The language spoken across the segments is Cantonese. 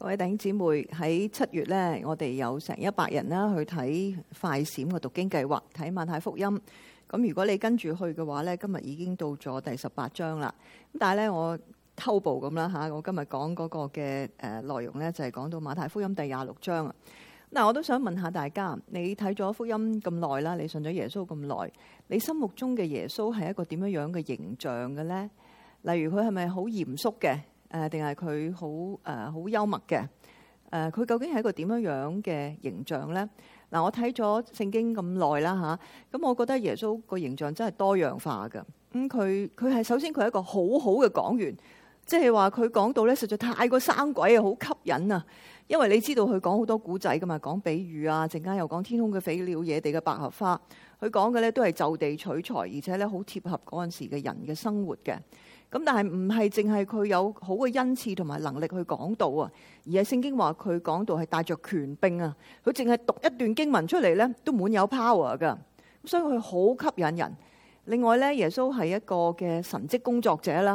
各位弟兄姊妹喺七月咧，我哋有成一百人啦去睇快閃嘅讀經計劃，睇馬太福音。咁如果你跟住去嘅話咧，今日已經到咗第十八章啦。咁但係咧，我偷步咁啦嚇，我今日講嗰個嘅誒內容咧，就係、是、講到馬太福音第廿六章啊。嗱，我都想問下大家，你睇咗福音咁耐啦，你信咗耶穌咁耐，你心目中嘅耶穌係一個點樣樣嘅形象嘅咧？例如佢係咪好嚴肅嘅？誒，定係佢好誒，好幽默嘅。誒、呃，佢究竟係一個點樣樣嘅形象咧？嗱、呃，我睇咗聖經咁耐啦嚇，咁、啊、我覺得耶穌個形象真係多樣化嘅。咁佢佢係首先佢係一個很好好嘅講員，即係話佢講到咧，實在太過生鬼啊，好吸引啊！因為你知道佢講好多古仔噶嘛，講比喻啊，陣間又講天空嘅飛鳥、野地嘅百合花，佢講嘅咧都係就地取材，而且咧好貼合嗰陣時嘅人嘅生活嘅。咁但係唔係淨係佢有好嘅恩賜同埋能力去講道啊，而係聖經話佢講道係帶着權柄啊。佢淨係讀一段經文出嚟咧，都滿有 power 噶，所以佢好吸引人。另外咧，耶穌係一個嘅神蹟工作者啦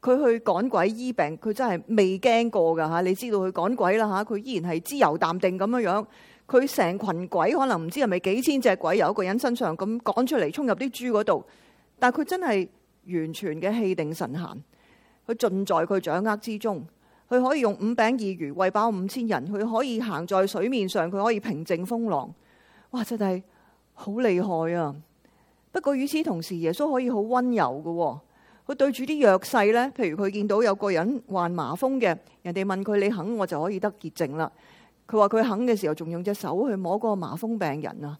吓，佢去趕鬼醫病，佢真係未驚過噶吓。你知道佢趕鬼啦吓，佢依然係自由淡定咁樣樣。佢成群鬼可能唔知係咪幾千隻鬼由一個人身上咁趕出嚟，沖入啲豬嗰度，但係佢真係。完全嘅氣定神閒，佢盡在佢掌握之中。佢可以用五餅二魚餵飽五千人，佢可以行在水面上，佢可以平靜風浪。哇！真係好厲害啊！不過與此同時，耶穌可以好温柔嘅。佢對住啲弱勢呢，譬如佢見到有個人患麻風嘅，人哋問佢，你肯我就可以得潔淨啦。佢話佢肯嘅時候，仲用隻手去摸個麻風病人啊！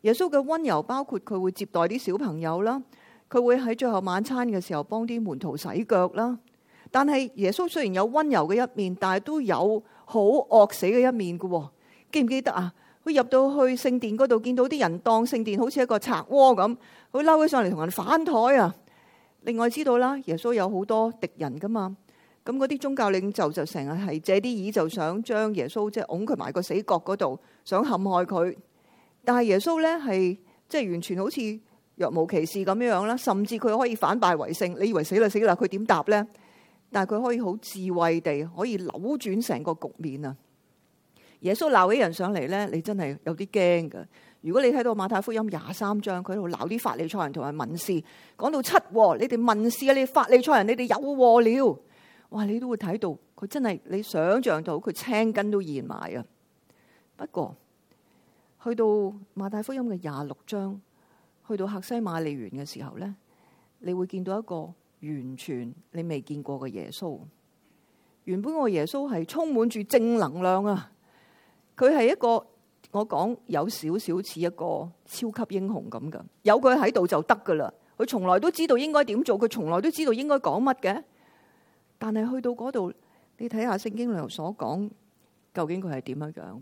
耶穌嘅温柔包括佢會接待啲小朋友啦。佢會喺最後晚餐嘅時候幫啲門徒洗腳啦。但係耶穌雖然有溫柔嘅一面，但係都有好惡死嘅一面㗎喎、哦。記唔記得啊？佢入到去聖殿嗰度，見到啲人當聖殿好似一個賊窩咁，佢嬲起上嚟同人反台啊！另外知道啦，耶穌有好多敵人㗎嘛。咁嗰啲宗教領袖就成日係借啲意，就想將耶穌即係擁佢埋個死角嗰度，想陷害佢。但係耶穌咧係即係完全好似若無其事咁樣樣啦，甚至佢可以反敗為勝。你以為死啦死啦，佢點答咧？但係佢可以好智慧地可以扭轉成個局面啊！耶穌鬧起人上嚟咧，你真係有啲驚噶。如果你睇到馬太福音廿三章，佢喺度鬧啲法利賽人同埋文士，講到七禍，你哋文士啊，你哋法利賽人，你哋有禍了。哇，你都會睇到佢真係你想象到佢青筋都現埋啊！不過去到馬太福音嘅廿六章。去到赫西馬利園嘅時候咧，你會見到一個完全你未見過嘅耶穌。原本個耶穌係充滿住正能量啊，佢係一個我講有少少似一個超級英雄咁噶，有佢喺度就得噶啦。佢從來都知道應該點做，佢從來都知道應該講乜嘅。但係去到嗰度，你睇下聖經裏頭所講，究竟佢係點樣樣？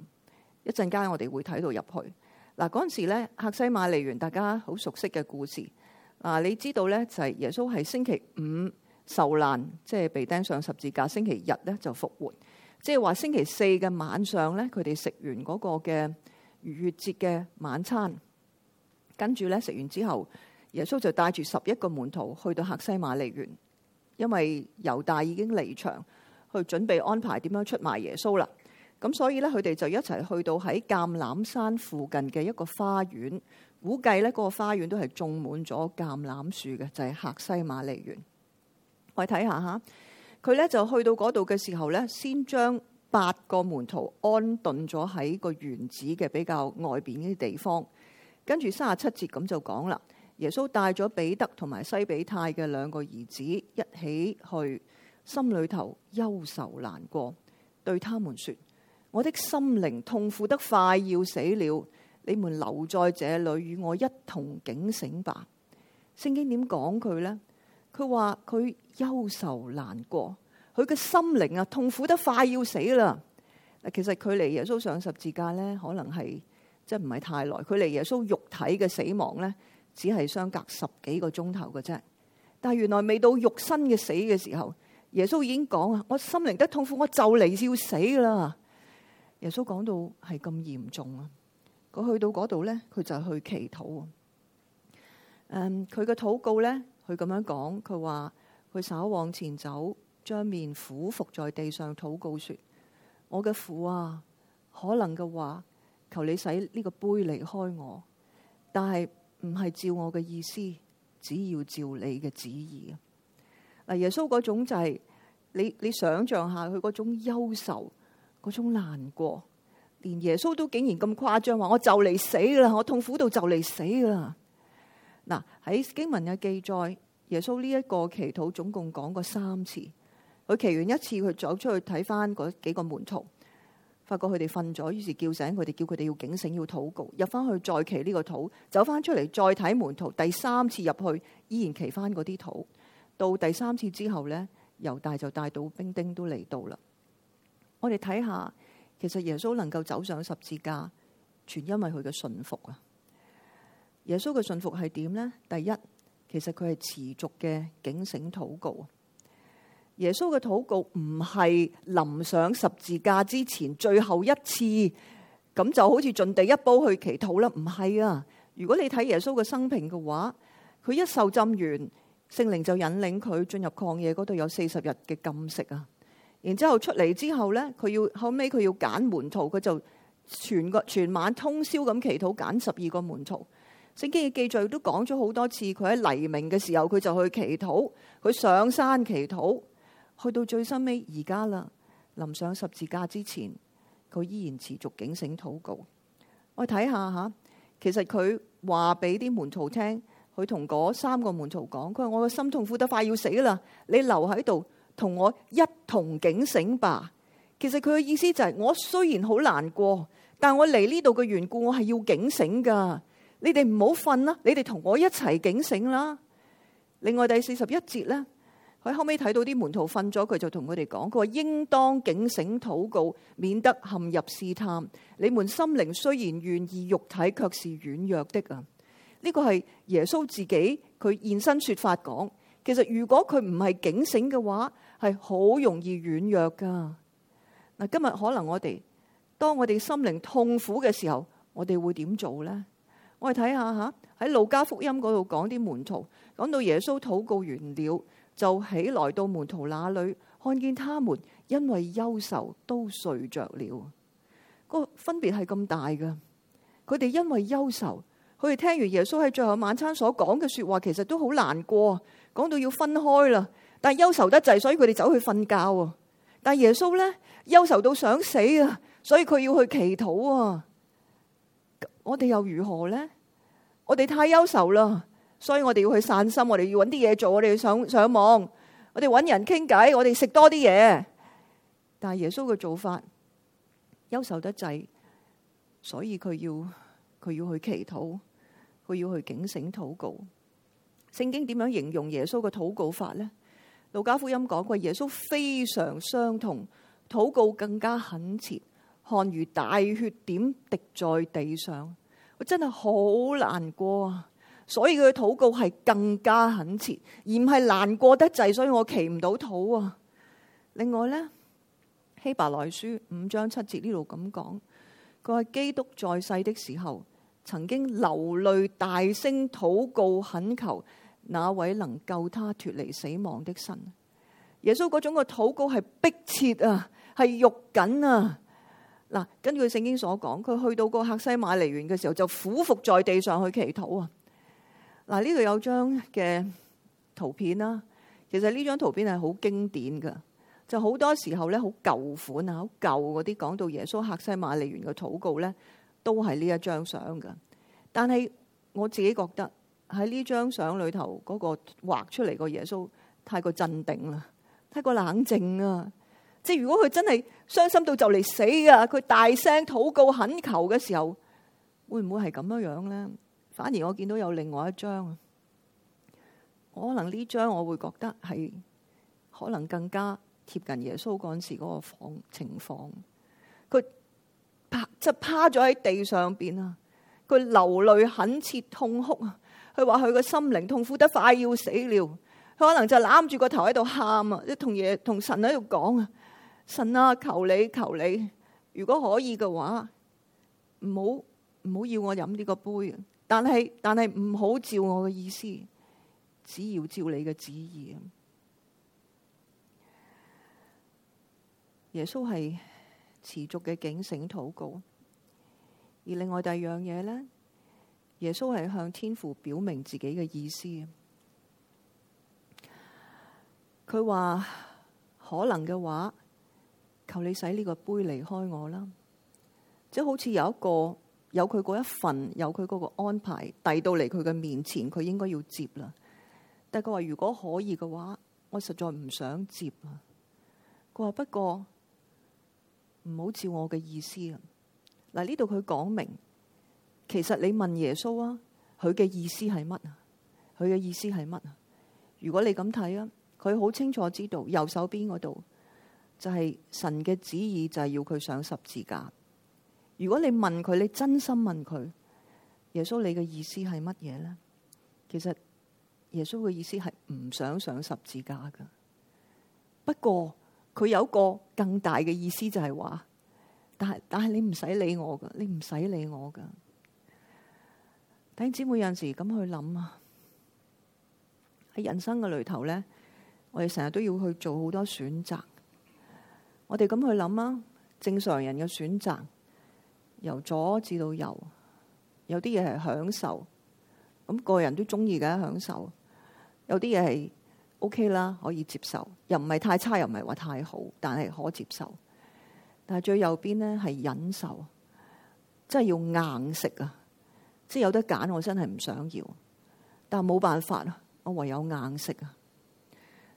一陣間我哋會睇到入去。嗱，嗰陣時咧，客西馬利園大家好熟悉嘅故事。嗱，你知道呢，就係耶穌係星期五受難，即係被釘上十字架；星期日呢，就復活，即係話星期四嘅晚上呢，佢哋食完嗰個嘅逾越節嘅晚餐，跟住咧食完之後，耶穌就帶住十一個門徒去到客西馬利園，因為猶大已經離場，去準備安排點樣出賣耶穌啦。咁所以咧，佢哋就一齊去到喺橄欖山附近嘅一個花園。估計咧，嗰、那個花園都係種滿咗橄欖樹嘅，就係、是、客西馬尼園。我哋睇下嚇佢咧，就去到嗰度嘅時候咧，先將八個門徒安頓咗喺個園子嘅比較外邊啲地方。跟住三十七節咁就講啦，耶穌帶咗彼得同埋西比泰嘅兩個兒子一起去，心裏頭憂愁難過，對他們說。我的心靈痛苦得快要死了，你們留在這裏與我一同警醒吧。聖經點講佢呢？佢話佢憂愁難過，佢嘅心靈啊痛苦得快要死啦。其實距離耶穌上十字架呢，可能係即係唔係太耐。距離耶穌肉體嘅死亡呢，只係相隔十幾個鐘頭嘅啫。但係原來未到肉身嘅死嘅時候，耶穌已經講啊：我心靈得痛苦，我就嚟要死啦。耶穌講到係咁嚴重啊！佢去到嗰度咧，佢就去祈禱啊！嗯，佢嘅禱告咧，佢咁樣講，佢話佢稍往前走，將面俯伏在地上禱告，說：我嘅父啊，可能嘅話，求你使呢個杯離開我，但係唔係照我嘅意思，只要照你嘅旨意啊！嗱，耶穌嗰種就係，你你想象下佢嗰種憂愁。嗰種難過，連耶穌都竟然咁誇張話：我就嚟死噶啦，我痛苦到就嚟死噶啦。嗱，喺經文嘅記載，耶穌呢一個祈禱總共講過三次。佢祈完一次，佢走出去睇翻嗰幾個門徒，發覺佢哋瞓咗，於是叫醒佢哋，叫佢哋要警醒，要禱告。入翻去再祈呢個禱，走翻出嚟再睇門徒，第三次入去依然祈翻嗰啲禱土。到第三次之後咧，猶大就帶到兵丁都嚟到啦。我哋睇下，其實耶穌能夠走上十字架，全因為佢嘅信服啊。耶穌嘅信服係點咧？第一，其實佢係持續嘅警醒禱告。耶穌嘅禱告唔係臨上十字架之前最後一次，咁就好似進第一步去祈禱啦。唔係啊，如果你睇耶穌嘅生平嘅話，佢一受浸完，聖靈就引領佢進入曠野嗰度有四十日嘅禁食啊。然後出來之後，出嚟之後呢，佢要後尾，佢要揀門徒，佢就全個全晚通宵咁祈禱，揀十二個門徒。聖經嘅記載都講咗好多次，佢喺黎明嘅時候佢就去祈禱，佢上山祈禱，去到最深尾而家啦，臨上十字架之前，佢依然持續警醒禱告。我睇下吓，其實佢話俾啲門徒聽，佢同嗰三個門徒講，佢話我個心痛苦得快要死啦，你留喺度。同我一同警醒吧。其實佢嘅意思就係，我雖然好難過，但我嚟呢度嘅緣故，我係要警醒噶你哋唔好瞓啦，你哋同我一齊警醒啦。另外第四十一節呢，佢後尾睇到啲門徒瞓咗，佢就同佢哋講：佢話應當警醒禱告，免得陷入試探。你們心靈雖然願意，肉體卻是軟弱的啊。呢個係耶穌自己佢現身說法講。其實如果佢唔係警醒嘅話，係好容易軟弱噶嗱，今日可能我哋，當我哋心靈痛苦嘅時候，我哋會點做呢？我哋睇下嚇，喺路加福音嗰度講啲門徒，講到耶穌禱告完了，就起來到門徒那裏，看見他們因為憂愁都睡着了。個分別係咁大噶，佢哋因為憂愁，佢哋聽完耶穌喺最後晚餐所講嘅説話，其實都好難過，講到要分開啦。但係憂愁得滯，所以佢哋走去瞓覺啊！但係耶穌咧憂愁到想死啊，所以佢要去祈禱啊！我哋又如何咧？我哋太憂愁啦，所以我哋要去散心，我哋要搵啲嘢做，我哋要上上網，我哋搵人傾偈，我哋食多啲嘢。但係耶穌嘅做法憂愁得滯，所以佢要佢要去祈禱，佢要去警醒禱告。聖經點樣形容耶穌嘅禱告法咧？路加福音講過，耶穌非常傷痛，禱告更加懇切，汗如大血點滴在地上，我真係好難過啊！所以佢嘅禱告係更加懇切，而唔係難過得滯，所以我企唔到土啊！另外咧，《希伯來書》五章七節呢度咁講，佢話基督在世的時候，曾經流淚大聲禱告，懇求，哪位能救他脫離死亡的神，耶穌嗰種嘅禱告係迫切啊，係肉緊啊！嗱，根據聖經所講，佢去到個客西馬尼園嘅時候，就俯伏在地上去祈禱啊！嗱，呢度有張嘅圖片啦，其實呢張圖片係好經典噶，就好多時候咧，好舊款啊，好舊嗰啲講到耶穌客西馬尼園嘅禱告咧，都係呢一張相噶。但係我自己覺得。喺呢張相裏頭，嗰個畫出嚟個耶穌太過鎮定啦，太過冷靜啊。即係如果佢真係傷心到就嚟死啊，佢大聲禱告、懇求嘅時候，會唔會係咁樣樣咧？反而我見到有另外一張，可能呢張我會覺得係可能更加貼近耶穌嗰陣時嗰個情況。佢趴即趴咗喺地上邊啊，佢流淚、懇切、痛哭啊。佢話佢個心靈痛苦得快要死了，佢可能就攬住個頭喺度喊啊！即同爺、同神喺度講啊！神啊，求你，求你，如果可以嘅話，唔好唔好要，要我飲呢個杯。但係但係唔好照我嘅意思，只要照你嘅旨意。耶穌係持續嘅警醒禱告，而另外第二樣嘢咧？耶穌係向天父表明自己嘅意思。佢話可能嘅話，求你使呢個杯離開我啦，即係好似有一個有佢嗰一份，有佢嗰個安排遞到嚟佢嘅面前，佢應該要接啦。但係佢話如果可以嘅話，我實在唔想接啊。佢話不過唔好照我嘅意思啊。嗱，呢度佢講明。其實你問耶穌啊，佢嘅意思係乜啊？佢嘅意思係乜啊？如果你咁睇啊，佢好清楚知道右手邊嗰度就係神嘅旨意，就係要佢上十字架。如果你問佢，你真心問佢，耶穌你嘅意思係乜嘢咧？其實耶穌嘅意思係唔想上十字架噶。不過佢有一個更大嘅意思就係話，但係但係你唔使理我噶，你唔使理我噶。睇姊妹有陣時咁去諗啊，喺人生嘅裏頭咧，我哋成日都要去做好多選擇。我哋咁去諗啊，正常人嘅選擇，由左至到右，有啲嘢係享受，咁個人都中意嘅享受。有啲嘢係 OK 啦，可以接受，又唔係太差，又唔係話太好，但係可接受。但係最右邊咧係忍受，真係要硬食啊！即係有得揀，我真係唔想要，但係冇辦法啊！我唯有硬食啊！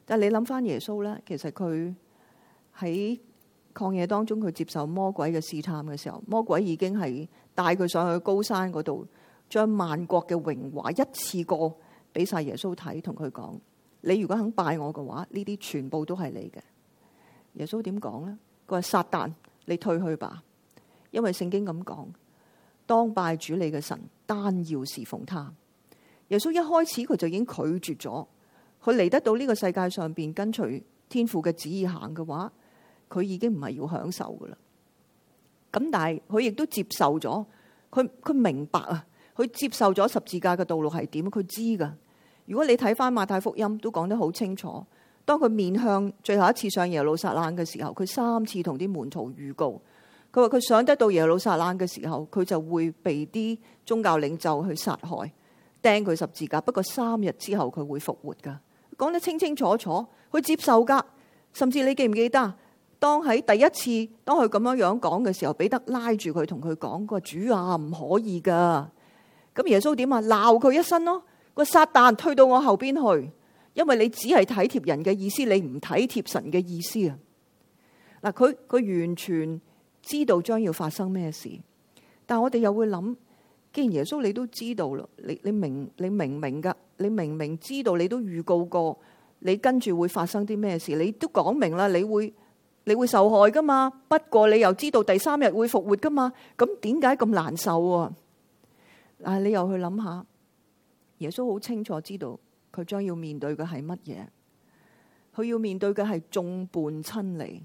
但係你諗返耶穌咧，其實佢喺曠野當中，佢接受魔鬼嘅試探嘅時候，魔鬼已經係帶佢上去高山嗰度，將萬國嘅榮華一次過俾晒耶穌睇，同佢講：你如果肯拜我嘅話，呢啲全部都係你嘅。耶穌點講咧？佢話：撒旦，你退去吧，因為聖經咁講。當拜主你嘅神，單要事奉他。耶穌一開始佢就已經拒絕咗，佢嚟得到呢個世界上邊跟隨天父嘅旨意行嘅話，佢已經唔係要享受噶啦。咁但係佢亦都接受咗，佢佢明白啊，佢接受咗十字架嘅道路係點，佢知噶。如果你睇翻馬太福音都講得好清楚，當佢面向最後一次上耶路撒冷嘅時候，佢三次同啲門徒預告。佢話：佢想得到耶路撒冷嘅時候，佢就會被啲宗教領袖去殺害釘佢十字架。不過三日之後佢會復活噶，講得清清楚楚。佢接受噶，甚至你記唔記得？當喺第一次當佢咁樣樣講嘅時候，彼得拉住佢同佢講：個主啊，唔可以噶。咁耶穌點啊？鬧佢一身咯。個撒旦退到我後邊去，因為你只係體貼人嘅意思，你唔體貼神嘅意思啊。嗱，佢佢完全。知道將要發生咩事，但我哋又會諗，既然耶穌你都知道啦，你你明你明唔明噶，你明明知道你都預告過，你跟住會發生啲咩事，你都講明啦，你會你會受害噶嘛？不過你又知道第三日會復活噶嘛？咁點解咁難受啊？嗱，你又去諗下，耶穌好清楚知道佢將要面對嘅係乜嘢，佢要面對嘅係眾叛親離。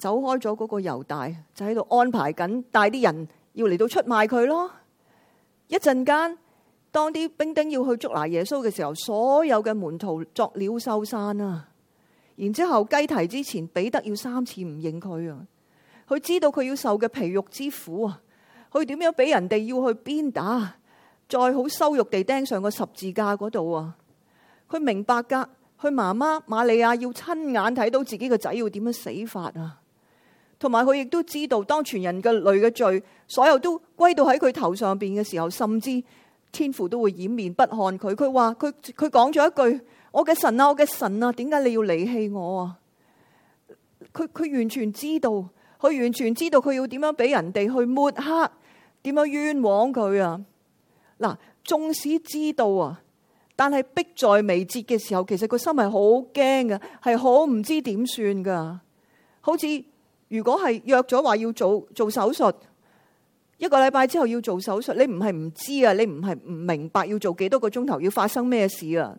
走開咗嗰個猶大，就喺度安排緊帶啲人要嚟到出賣佢咯。一陣間，當啲兵丁要去捉拿耶穌嘅時候，所有嘅門徒作鳥收山啊。然之後，雞啼之前，彼得要三次唔認佢啊。佢知道佢要受嘅皮肉之苦啊。佢點樣俾人哋要去鞭打，再好羞辱地釘上個十字架嗰度啊。佢明白噶，佢媽媽瑪利亞要親眼睇到自己個仔要點樣死法啊！同埋佢亦都知道，當全人類嘅罪，所有都歸到喺佢頭上邊嘅時候，甚至天父都會掩面不看佢。佢話：佢佢講咗一句：我嘅神啊，我嘅神啊，點解你要離棄我啊？佢佢完全知道，佢完全知道佢要點樣俾人哋去抹黑，點樣冤枉佢啊！嗱，縱使知道啊，但係迫在眉睫嘅時候，其實個心係好驚嘅，係好唔知點算噶，好似。如果係約咗話要做做手術，一個禮拜之後要做手術，你唔係唔知啊，你唔係唔明白要做幾多個鐘頭，要發生咩事啊？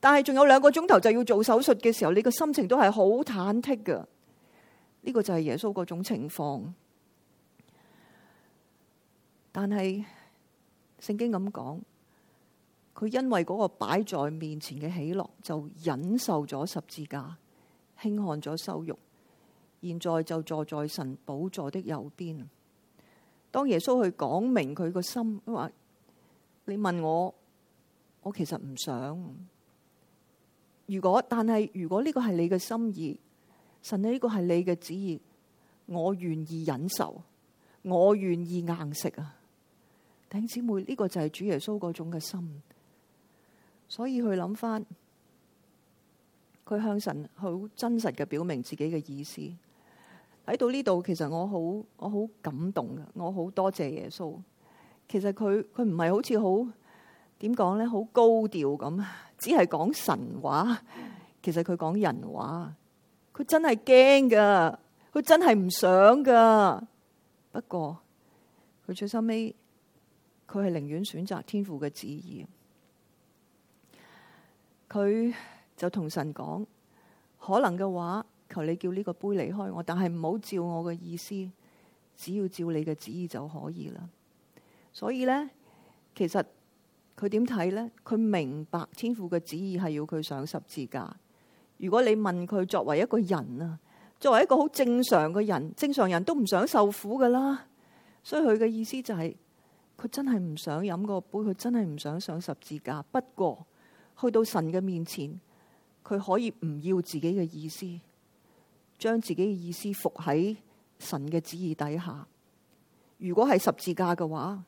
但係仲有兩個鐘頭就要做手術嘅時候，你個心情都係好忐忑噶。呢個就係耶穌嗰種情況。但係聖經咁講，佢因為嗰個擺在面前嘅喜樂，就忍受咗十字架，輕看咗羞辱。現在就坐在神寶座的右邊。當耶穌去講明佢個心，話你問我，我其實唔想。如果但係如果呢個係你嘅心意，神呢個係你嘅旨意，我願意忍受，我願意硬食啊！弟兄姊妹，呢、呢個就係主耶穌嗰種嘅心，所以去諗翻，佢向神好真實嘅表明自己嘅意思。睇到呢度，其實我好我好感動噶，我好多謝耶穌。其實佢佢唔係好似好點講咧，好高調咁，只係講神話。其實佢講人話，佢真係驚噶，佢真係唔想噶。不過佢最收尾，佢係寧願選擇天父嘅旨意。佢就同神講，可能嘅話。求你叫呢個杯離開我，但係唔好照我嘅意思，只要照你嘅旨意就可以啦。所以呢，其實佢點睇呢？佢明白天父嘅旨意係要佢上十字架。如果你問佢，作為一個人啊，作為一個好正常嘅人，正常人都唔想受苦㗎啦。所以佢嘅意思就係，佢真係唔想飲個杯，佢真係唔想上十字架。不過去到神嘅面前，佢可以唔要自己嘅意思。將自己嘅意思伏喺神嘅旨意底下。如果係十字架嘅話，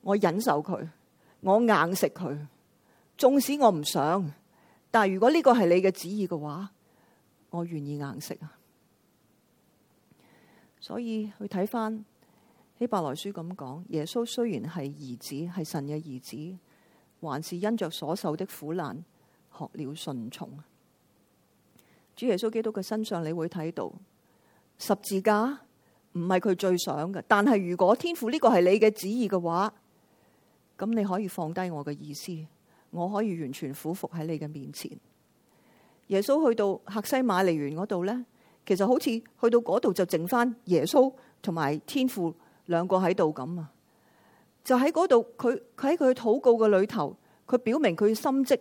我忍受佢，我硬食佢。縱使我唔想，但係如果呢個係你嘅旨意嘅話，我願意硬食啊。所以去睇翻希伯來書咁講，耶穌雖然係兒子，係神嘅兒子，還是因着所受的苦難，學了順從。主耶穌基督嘅身上，你會睇到十字架唔係佢最想嘅。但係如果天父呢個係你嘅旨意嘅話，咁你可以放低我嘅意思，我可以完全俯伏喺你嘅面前。耶穌去到客西馬尼園嗰度呢，其實好似去到嗰度就剩翻耶穌同埋天父兩個喺度咁啊。就喺嗰度，佢佢，喺佢禱告嘅裏頭，佢表明佢心跡，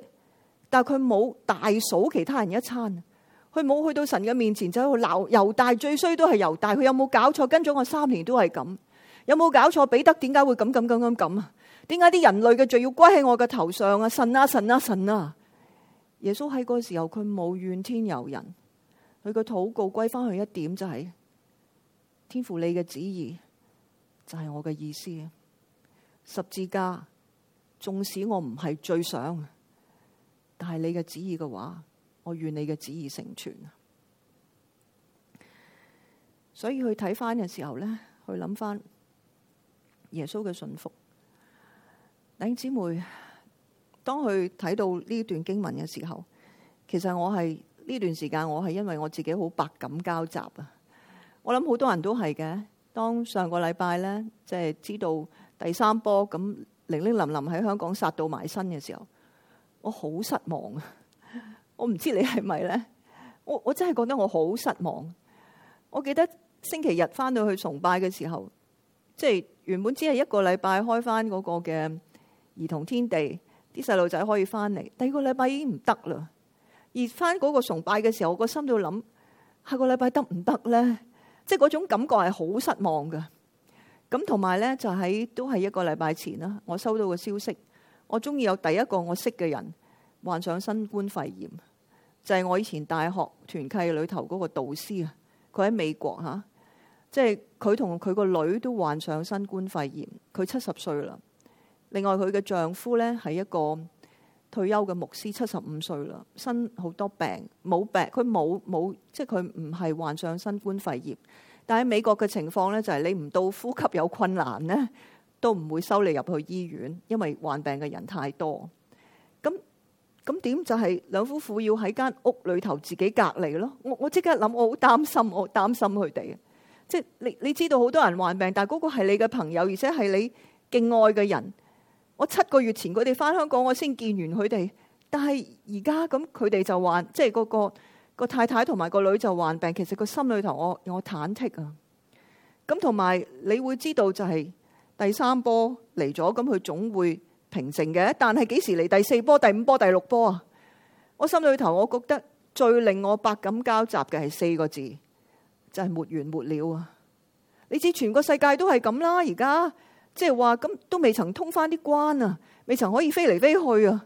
但係佢冇大數其他人一餐。佢冇去到神嘅面前，就喺度鬧猶大，最衰都係猶大。佢有冇搞錯？跟咗我三年都係咁，有冇搞錯？彼得點解會咁咁咁咁咁啊？點解啲人類嘅罪要歸喺我嘅頭上啊？神啊神啊神啊！耶穌喺嗰個時候佢冇怨天尤人，佢個禱告歸翻去一點就係、是、天父你嘅旨意就係、是、我嘅意思啊！十字架縱使我唔係最想，但係你嘅旨意嘅話，我願你嘅旨意成全。所以去睇翻嘅時候咧，去諗翻耶穌嘅信服。弟兄姊妹，當佢睇到呢段經文嘅時候，其實我係呢段時間我係因為我自己好百感交集啊。我諗好多人都係嘅。當上個禮拜咧，即係知道第三波咁零零林林喺香港殺到埋身嘅時候，我好失望啊！我唔知你係咪咧？我我真係覺得我好失望。我記得星期日翻到去崇拜嘅時候，即係原本只係一個禮拜開翻嗰個嘅兒童天地，啲細路仔可以翻嚟。第二個禮拜已經唔得啦。而翻嗰個崇拜嘅時候，我個心度諗下個禮拜得唔得咧？即係嗰種感覺係好失望嘅。咁同埋咧，就喺、是、都係一個禮拜前啦，我收到個消息，我中意有第一個我識嘅人患上新冠肺炎。就係、是、我以前大學團契裏頭嗰個導師啊，佢喺美國嚇，即係佢同佢個女都患上新冠肺炎，佢七十歲啦。另外佢嘅丈夫咧係一個退休嘅牧師，七十五歲啦，身好多病，冇病佢冇冇，即係佢唔係患上新冠肺炎。但係喺美國嘅情況咧就係、是、你唔到呼吸有困難咧，都唔會收你入去醫院，因為患病嘅人太多。咁咁點就係兩夫婦要喺間屋裏頭自己隔離咯。我我即刻諗，我好擔心，我好擔心佢哋。即係你你知道好多人患病，但嗰個係你嘅朋友，而且係你敬愛嘅人。我七個月前佢哋返香港，我先見完佢哋。但係而家咁佢哋就患，即係嗰個、嗰個太太同埋個女就患病。其實個心裏頭我我忐忑啊。咁同埋你會知道就係第三波嚟咗，咁佢總會平靜嘅，但係幾時嚟第四波、第五波、第六波啊？我心裏頭我覺得最令我百感交集嘅係四個字，就係沒完沒了啊！你知，全個世界都係咁啦。而家即係話咁都未曾通翻啲關啊，未曾可以飛嚟飛去啊。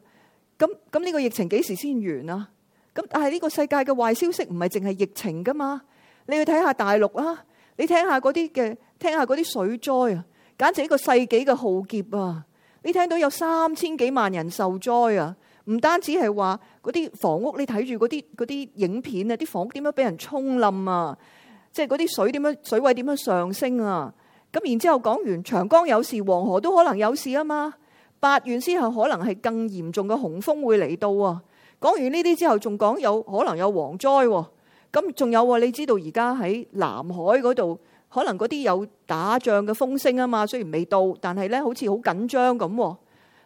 咁咁呢個疫情幾時先完啊？咁但係呢個世界嘅壞消息唔係淨係疫情噶嘛？你去睇下大陸啊，你聽下嗰啲嘅聽下嗰啲水災啊，簡直呢個世紀嘅浩劫啊！你聽到有三千幾萬人受災啊！唔單止係話嗰啲房屋，你睇住嗰啲啲影片啊，啲房屋點樣俾人沖冧啊？即係嗰啲水點樣水位點樣上升啊？咁然之後講完長江有事，黃河都可能有事啊嘛！八月之後可能係更嚴重嘅洪峯會嚟到啊！講完呢啲之後有，仲講有可能有蝗災喎。咁仲有啊？你知道而家喺南海嗰度？可能嗰啲有打仗嘅風聲啊嘛，雖然未到，但係呢好似好緊張咁。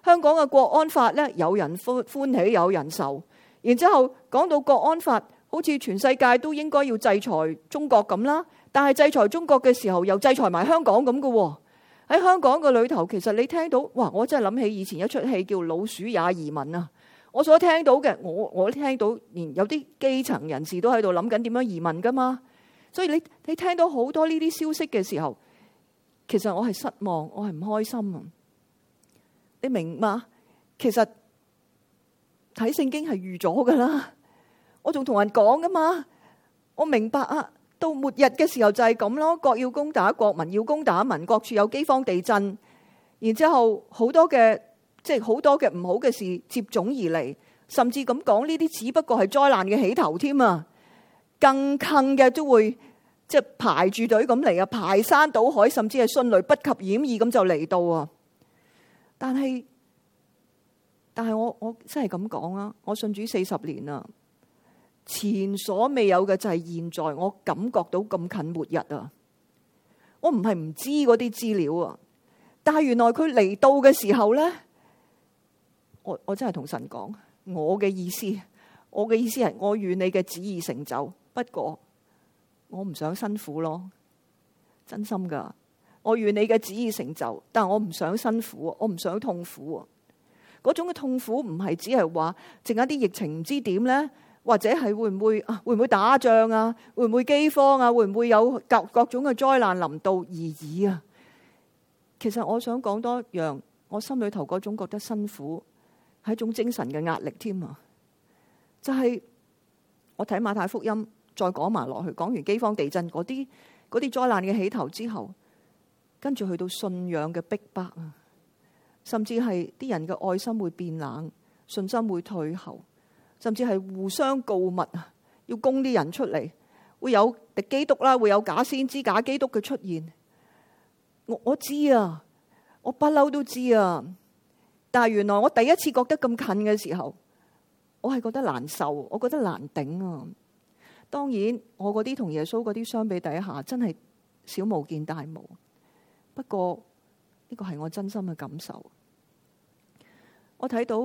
香港嘅國安法呢，有人歡歡喜，有人愁。然之後講到國安法，好似全世界都應該要制裁中國咁啦。但係制裁中國嘅時候，又制裁埋香港咁嘅喎。喺香港嘅裏頭，其實你聽到哇，我真係諗起以前一出戲叫《老鼠也移民》啊。我所聽到嘅，我我聽到，連有啲基層人士都喺度諗緊點樣移民噶嘛。所以你你聽到好多呢啲消息嘅時候，其實我係失望，我係唔開心啊！你明嘛？其實睇聖經係預咗噶啦，我仲同人講噶嘛。我明白啊，到末日嘅時候就係咁咯，國要攻打國，民要攻打民，國處有饑荒、地震，然之後好多嘅即係好多嘅唔好嘅事接踵而嚟，甚至咁講呢啲只不過係災難嘅起頭添啊！更近嘅都會即係排住隊咁嚟啊，排山倒海，甚至係迅雷不及掩耳咁就嚟到啊！但係但係我我真係咁講啊！我信主四十年啦，前所未有嘅就係現在，我感覺到咁近末日啊！我唔係唔知嗰啲資料啊，但係原來佢嚟到嘅時候咧，我我真係同神講，我嘅意思，我嘅意思係我願你嘅旨意成就。不過我唔想辛苦咯，真心噶，我願你嘅旨意成就，但係我唔想辛苦，我唔想痛苦。嗰種嘅痛苦唔係只係話淨係啲疫情唔知點咧，或者係會唔會啊，會唔會打仗啊，會唔會飢荒啊，會唔會有各各種嘅災難臨到而已啊。其實我想講多樣，我心裏頭嗰種覺得辛苦係一種精神嘅壓力添啊，就係、是、我睇馬太福音。再講埋落去，講完饑荒、地震嗰啲嗰啲災難嘅起頭之後，跟住去到信仰嘅逼迫啊，甚至係啲人嘅愛心會變冷，信心會退後，甚至係互相告密啊，要供啲人出嚟，會有敵基督啦，會有假先知、假基督嘅出現。我我知啊，我不嬲都知啊，但係原來我第一次覺得咁近嘅時候，我係覺得難受，我覺得難頂啊。當然，我嗰啲同耶穌嗰啲相比底下，真係小巫見大巫。不過呢、呢個係我真心嘅感受。我睇到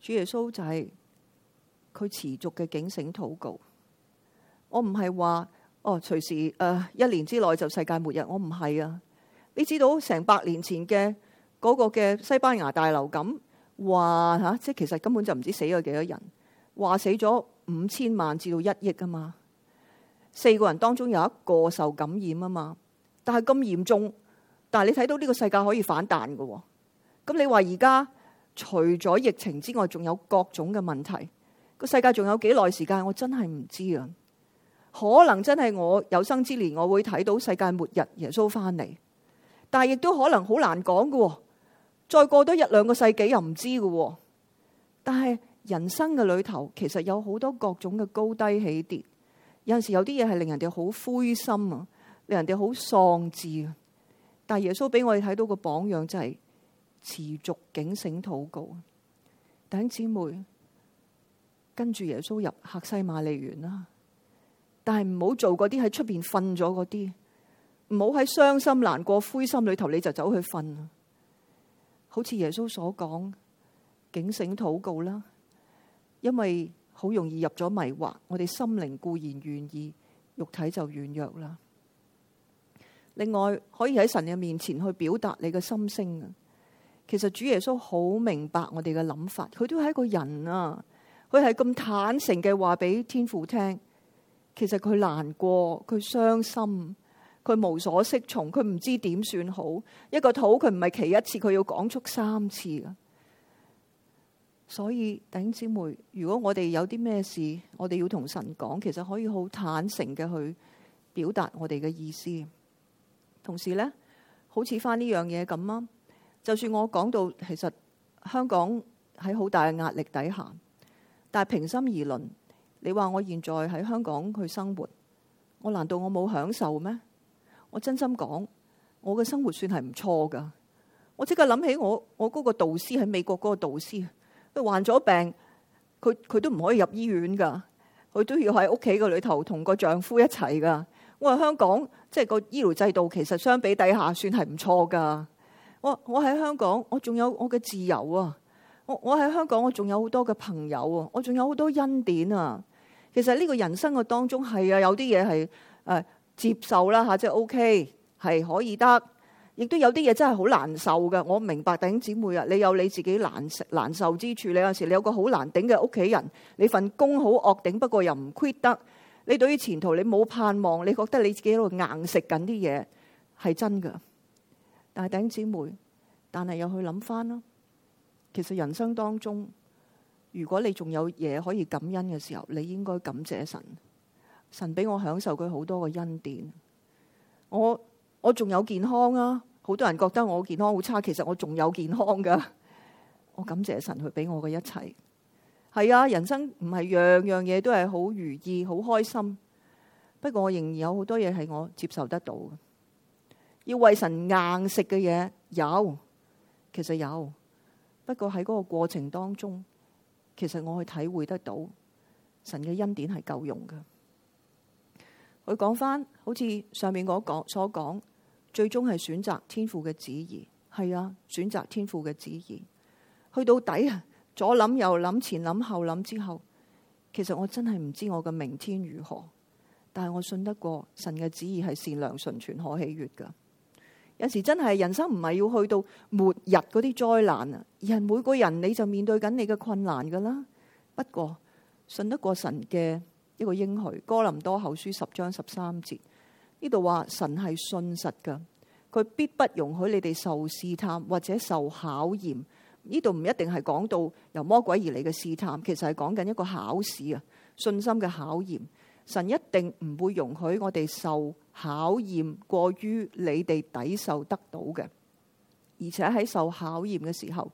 主耶穌就係佢持續嘅警醒禱告。我唔係話哦，隨時誒、呃、一年之內就世界末日，我唔係啊。你知道成百年前嘅嗰個嘅西班牙大流感，話嚇即係其實根本就唔知死咗幾多人，話死咗。五千萬至到一億啊嘛，四個人當中有一個受感染啊嘛，但係咁嚴重，但係你睇到呢個世界可以反彈噶，咁你話而家除咗疫情之外，仲有各種嘅問題，個世界仲有幾耐時間，我真係唔知啊。可能真係我有生之年我會睇到世界末日，耶穌翻嚟，但係亦都可能好難講噶。再過多一兩個世紀又唔知噶，但係。人生嘅裏頭，其實有好多各種嘅高低起跌，有陣時有啲嘢係令人哋好灰心啊，令人哋好喪志啊。但係耶穌俾我哋睇到個榜樣，就係持續警醒禱告。弟兄姊妹，跟住耶穌入客西馬利園啦，但係唔好做嗰啲喺出邊瞓咗嗰啲，唔好喺傷心難過灰心裏頭，你就走去瞓啊。好似耶穌所講，警醒禱告啦。因為好容易入咗迷惑，我哋心靈固然願意，肉體就軟弱啦。另外，可以喺神嘅面前去表達你嘅心聲啊。其實主耶穌好明白我哋嘅諗法，佢都係一個人啊，佢係咁坦誠嘅話俾天父聽。其實佢難過，佢傷心，佢無所適從，佢唔知點算好。一個肚，佢唔係祈一次，佢要講出三次。所以，弟兄姊妹，如果我哋有啲咩事，我哋要同神講，其實可以好坦誠嘅去表達我哋嘅意思。同時呢，好似翻呢樣嘢咁啊，就算我講到其實香港喺好大嘅壓力底下，但係平心而論，你話我現在喺香港去生活，我難道我冇享受咩？我真心講，我嘅生活算係唔錯㗎。我即刻諗起我我嗰個導師喺美國嗰個導師。.患咗病，佢佢都唔可以入醫院噶，佢都要喺屋企個裏頭同個丈夫一齊噶。我喺香港，即係個醫療制度其實相比底下算係唔錯噶。我我喺香港，我仲有我嘅自由啊！我我喺香港，我仲有好多嘅朋友啊！我仲有好多恩典啊！其實呢個人生嘅當中係啊，是有啲嘢係誒接受啦吓，即係 OK，係可以得。亦都有啲嘢真係好難受㗎。我明白弟兄姊妹啊，你有你自己難食難受之處，你有陣時你有個好難頂嘅屋企人，你份工好惡頂，不過又唔 quit 得，你對於前途你冇盼望，你覺得你自己喺度硬食緊啲嘢，係真噶。但係弟兄姊妹，但係又去諗翻囉。其實人生當中，如果你仲有嘢可以感恩嘅時候，你應該感謝神，神俾我享受佢好多嘅恩典，我。我仲有健康啊！好多人覺得我健康好差，其實我仲有健康噶。我感謝神去俾我嘅一切。係啊，人生唔係樣樣嘢都係好如意、好開心。不過我仍然有好多嘢係我接受得到嘅。要為神硬食嘅嘢有，其實有。不過喺嗰個過程當中，其實我去體會得到神嘅恩典係夠用噶。我講翻好似上面我講所講。最終係選擇天父嘅旨意，係啊，選擇天父嘅旨意。去到底啊，左諗右諗前諗後諗之後，其實我真係唔知我嘅明天如何。但係我信得過神嘅旨意係善良純全可喜悅噶。有時真係人生唔係要去到末日嗰啲災難啊，而係每個人你就面對緊你嘅困難噶啦。不過信得過神嘅一個應許，《哥林多後書》十章十三節。呢度話神係信實噶，佢必不容許你哋受試探或者受考驗。呢度唔一定係講到由魔鬼而嚟嘅試探，其實係講緊一個考試啊，信心嘅考驗。神一定唔會容許我哋受考驗過於你哋抵受得到嘅，而且喺受考驗嘅時候，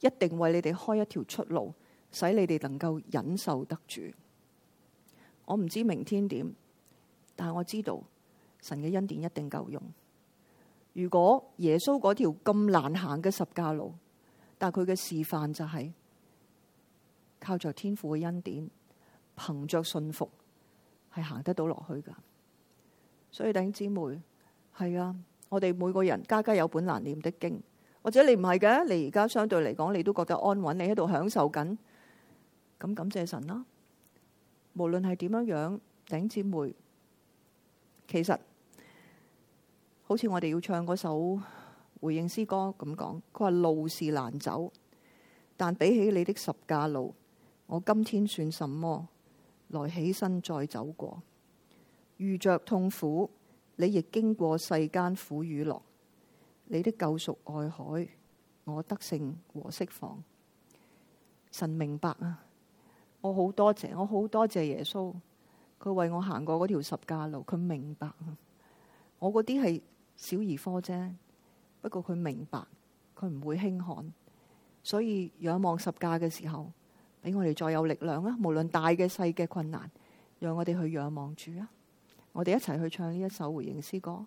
一定為你哋開一條出路，使你哋能夠忍受得住。我唔知明天點，但係我知道。神嘅恩典一定夠用。如果耶穌嗰條咁難行嘅十架路，但係佢嘅示範就係靠住天父嘅恩典，憑着信服係行得到落去噶。所以弟兄姊妹，係啊，我哋每個人家家有本難念的經，或者你唔係嘅，你而家相對嚟講，你都覺得安穩，你喺度享受緊，咁感謝神啦。無論係點樣樣，弟兄姊妹，其實。好似我哋要唱嗰首回應詩歌咁講，佢話，路是難走，但比起你的十架路，我今天算什麼？來起身再走過，遇着痛苦，你亦經過世間苦與樂。你的救贖愛海，我得勝和釋放。神明白啊，我好多謝，謝，我好多謝，謝耶穌，佢為我行過嗰條十架路，佢明白啊，我嗰啲係。小兒科啫，不過佢明白，佢唔會輕看，所以仰望十架嘅時候，俾我哋再有力量啦，無論大嘅、細嘅困難，讓我哋去仰望主啊！我哋一齊去唱呢一首回應詩歌。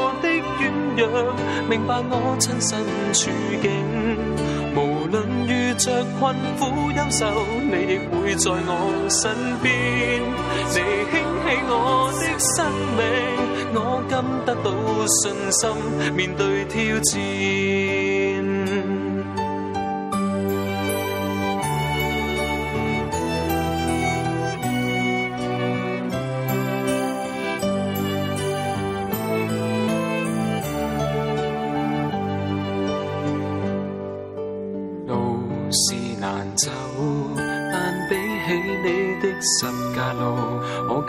明白我親身處境，無論遇着困苦憂愁，你亦會在我身邊。你興起我的生命，我今得到信心面對挑戰。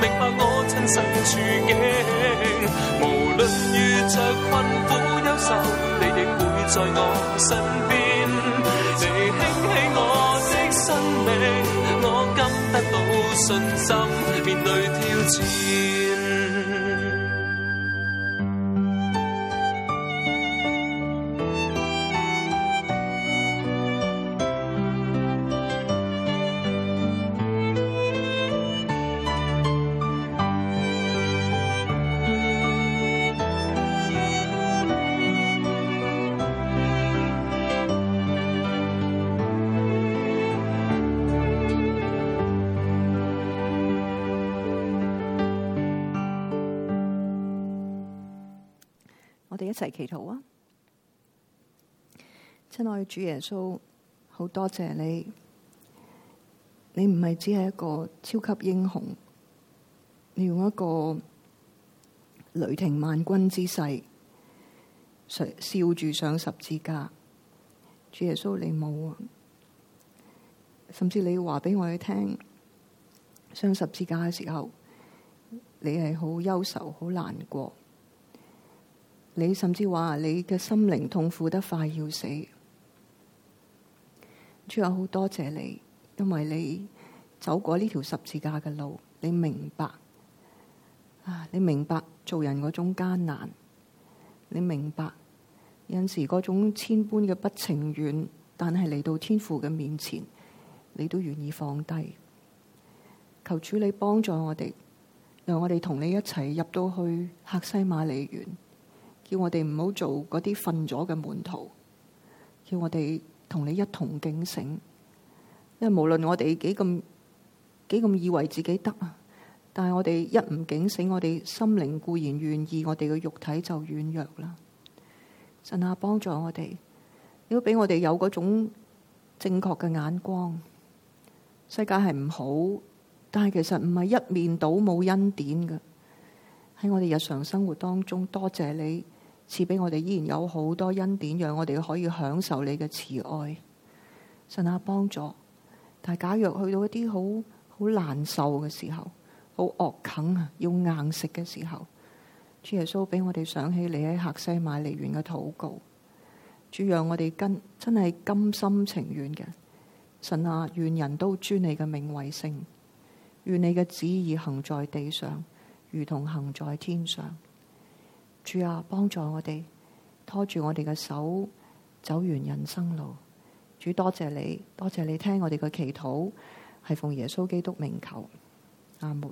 明白我親身處境，無論遇着困苦憂愁，你亦會在我身邊，你興起我的生命，我今得到信心，面對挑戰。一齊祈禱啊！親愛的主耶穌，好多謝你，你唔係只係一個超級英雄，你用一個雷霆萬鈞之勢，笑住上十字架。主耶穌，你冇啊，甚至你話畀我哋聽，上十字架嘅時候，你係好憂愁，好難過。你甚至話你嘅心靈痛苦得快要死，主啊，好多謝你，因為你走過呢條十字架嘅路，你明白啊，你明白做人嗰種艱難，你明白有陣時嗰種千般嘅不情願，但係嚟到天父嘅面前，你都願意放低。求主你幫助我哋，讓我哋同你一齊入到去客西馬尼園。叫我哋唔好做嗰啲瞓咗嘅門徒，叫我哋同你一同警醒，因為無論我哋幾咁幾咁以為自己得啊，但係我哋一唔警醒，我哋心靈固然願意，我哋嘅肉體就軟弱啦。神啊，幫助我哋，要俾我哋有嗰種正確嘅眼光。世界係唔好，但係其實唔係一面倒冇恩典㗎。喺我哋日常生活當中，多謝你。賜俾我哋依然有好多恩典，讓我哋可以享受你嘅慈愛，神阿、啊、幫助。但係假若去到一啲好好難受嘅時候，好惡啃啊，要硬食嘅時候，主耶穌俾我哋想起你喺客西馬尼園嘅禱告，主讓我哋真係甘心情願嘅。神阿、啊、願人都尊你嘅名為聖，願你嘅旨意行在地上，如同行在天上。主啊，幫助我哋，拖住我哋嘅手，走完人生路。主，多謝你，多謝你聽我哋嘅祈禱，係奉耶穌基督名求。阿門。